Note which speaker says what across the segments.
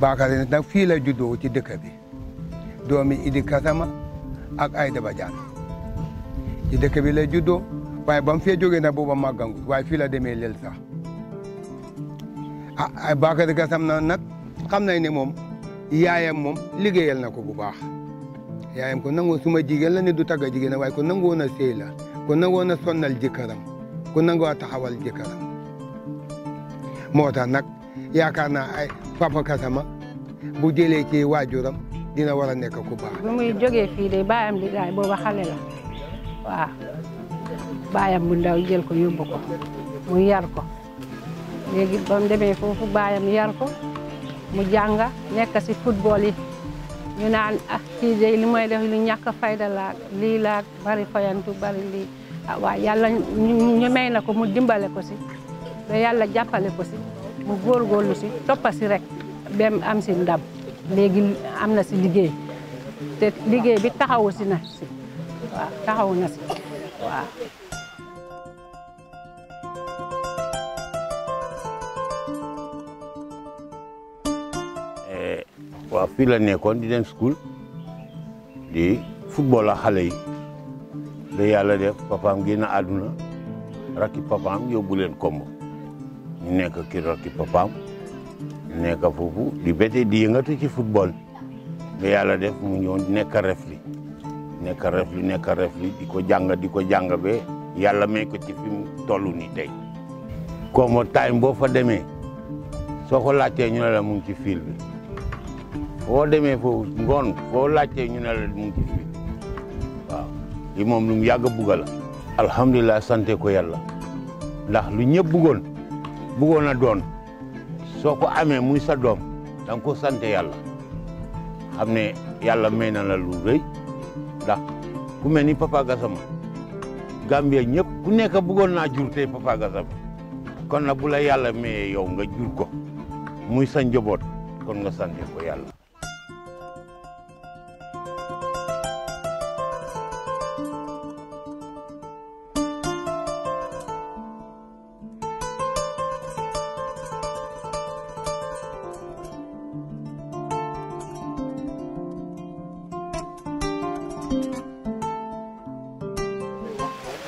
Speaker 1: Bakary nag fii la juddoo ci dëkk bi doomi Idi Kasama ak Ayda Badiane ci dëkk bi la juddoo waaye ba mu fee jógee nag booba màggangu waaye fii la demee lel sax ah Bakary Kasama nag xam nañ ne moom yaayam moom liggéeyal na ko bu baax yaayam ko nangoo suma jigéen la ne du tagga jigéen waaye ko nangoo na sëy la ko woon na sonnal jëkkëram ko nangoo taxawal jëkkëram moo tax nag yaakaar naa ay papa Kasama bu jëlee ci waajuram dina war a nekk ku baax. bu
Speaker 2: muy jógee fii de baayam liggéey booba xale la waaw baayam bu jël ko yóbbu ko mu yar ko léegi ba mu demee foofu baayam yar ko mu jànga nekk si football ñu naan ak ah, kii de li may def lu ñàkk fayda laag lii laag bari fayantu bari lii ah waaw ñu may na ko mu dimbale ko si ba yàlla jàppale ko si. mu góorgóorlu si toppa si rek bem am si ndam léegi am na si liggéey te liggéey bi taxawu si na si waaw taxawu na si waaw
Speaker 3: eh, waaw fii la nekkoon di dem school di football la xale yi ba yàlla def papaam génn àdduna rakki papaam yóbbu leen ñu nekk ki rokki papaam nekk foofu di bete di yëngatu ci football ba yàlla de mu ñëw nekk refli nekk refli nekk refli di ko jàng di ko jàng ba yàlla may ko ci fi mu toll nii tey. comme time boo fa demee soo ko laajtee ñu ne la mu ci fil bi foo demee foofu ngoon foo laajtee ñu ne la mu ci fil waaw li moom lu mu yàgg a bugg la. alhamdulilah ko yàlla ndax lu ñëpp bëggoon na doon soo ko amee muy sa doom da nga ko sant yàlla xam ne yàlla may na la lu rëy ku mel ni Papa Gassama Gambia ñëpp ku nekk bëggoon naa jur tey Papa kon na bu la yàlla mayee yow nga jur ko muy sa kon nga sante ko yàlla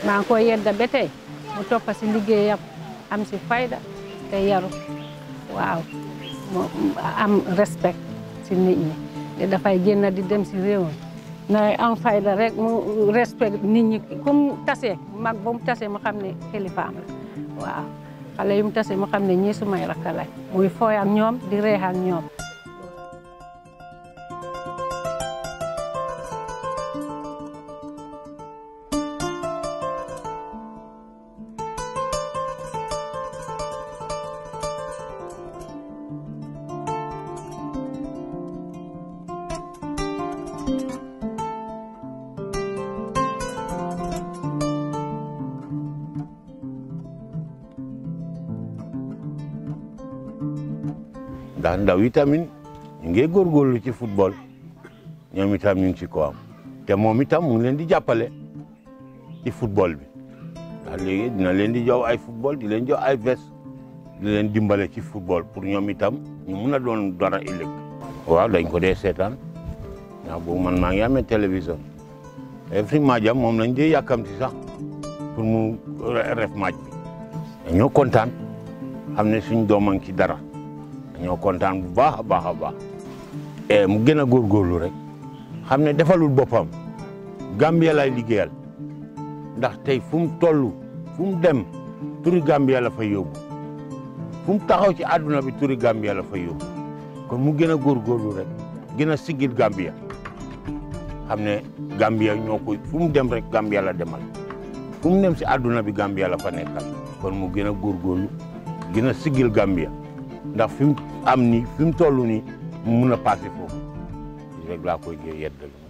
Speaker 2: maa ko koy yedda ba tey mu toppa si liggéeyam am si fayda te yaru waaw am respect si nit ñi te dafay génn di dem si réew mi na am fayda rek mu respect nit ñi comme tasee mag ba mu tasee mu xam ne kilifaam la waaw xale yu mu tasee mu xam ne ñii sumay rakk lañ muy fooy ak ñoom di reex ñoom
Speaker 3: ndax ndaw yi tamit ñu ngi góorgóorlu ci football ñoom itam ñu ngi ci ko am te moom itam mu ngi leen di jàppale ci football bi ndax léegi dina leen di jox ay football di leen jox ay veste di leen dimbale ci football pour ñoom itam ñu mun a doon dara ëllëg. waaw dañ ko dee seetaan ndax boobu man maa ngi amee télévision every match am moom lañ dee yàkkamti sax pour mu ref match bi kontaan am ne suñ doom a ngi ci dara. ñoo kontaan bu baax a baax a baax eh, mu gën a góorgóorlu rek xam ne defalul boppam Gambia lay liggéeyal ndax tey fu mu toll fu dem turi Gambia la fa yóbbu fu taxaw ci àdduna bi turi Gambia la fa yóbbu kon mu gën a góorgóorlu rek gën a siggil Gambia xam ne Gambia ñoo ko fu mu dem rek Gambia la demal fu mu dem si àdduna bi Gambia la fa nekkal kon mu gën a góorgóorlu gën a siggil Gambia ndax fi am ni fi mu toll nii mun a passé foofu rek laa koy yeddalu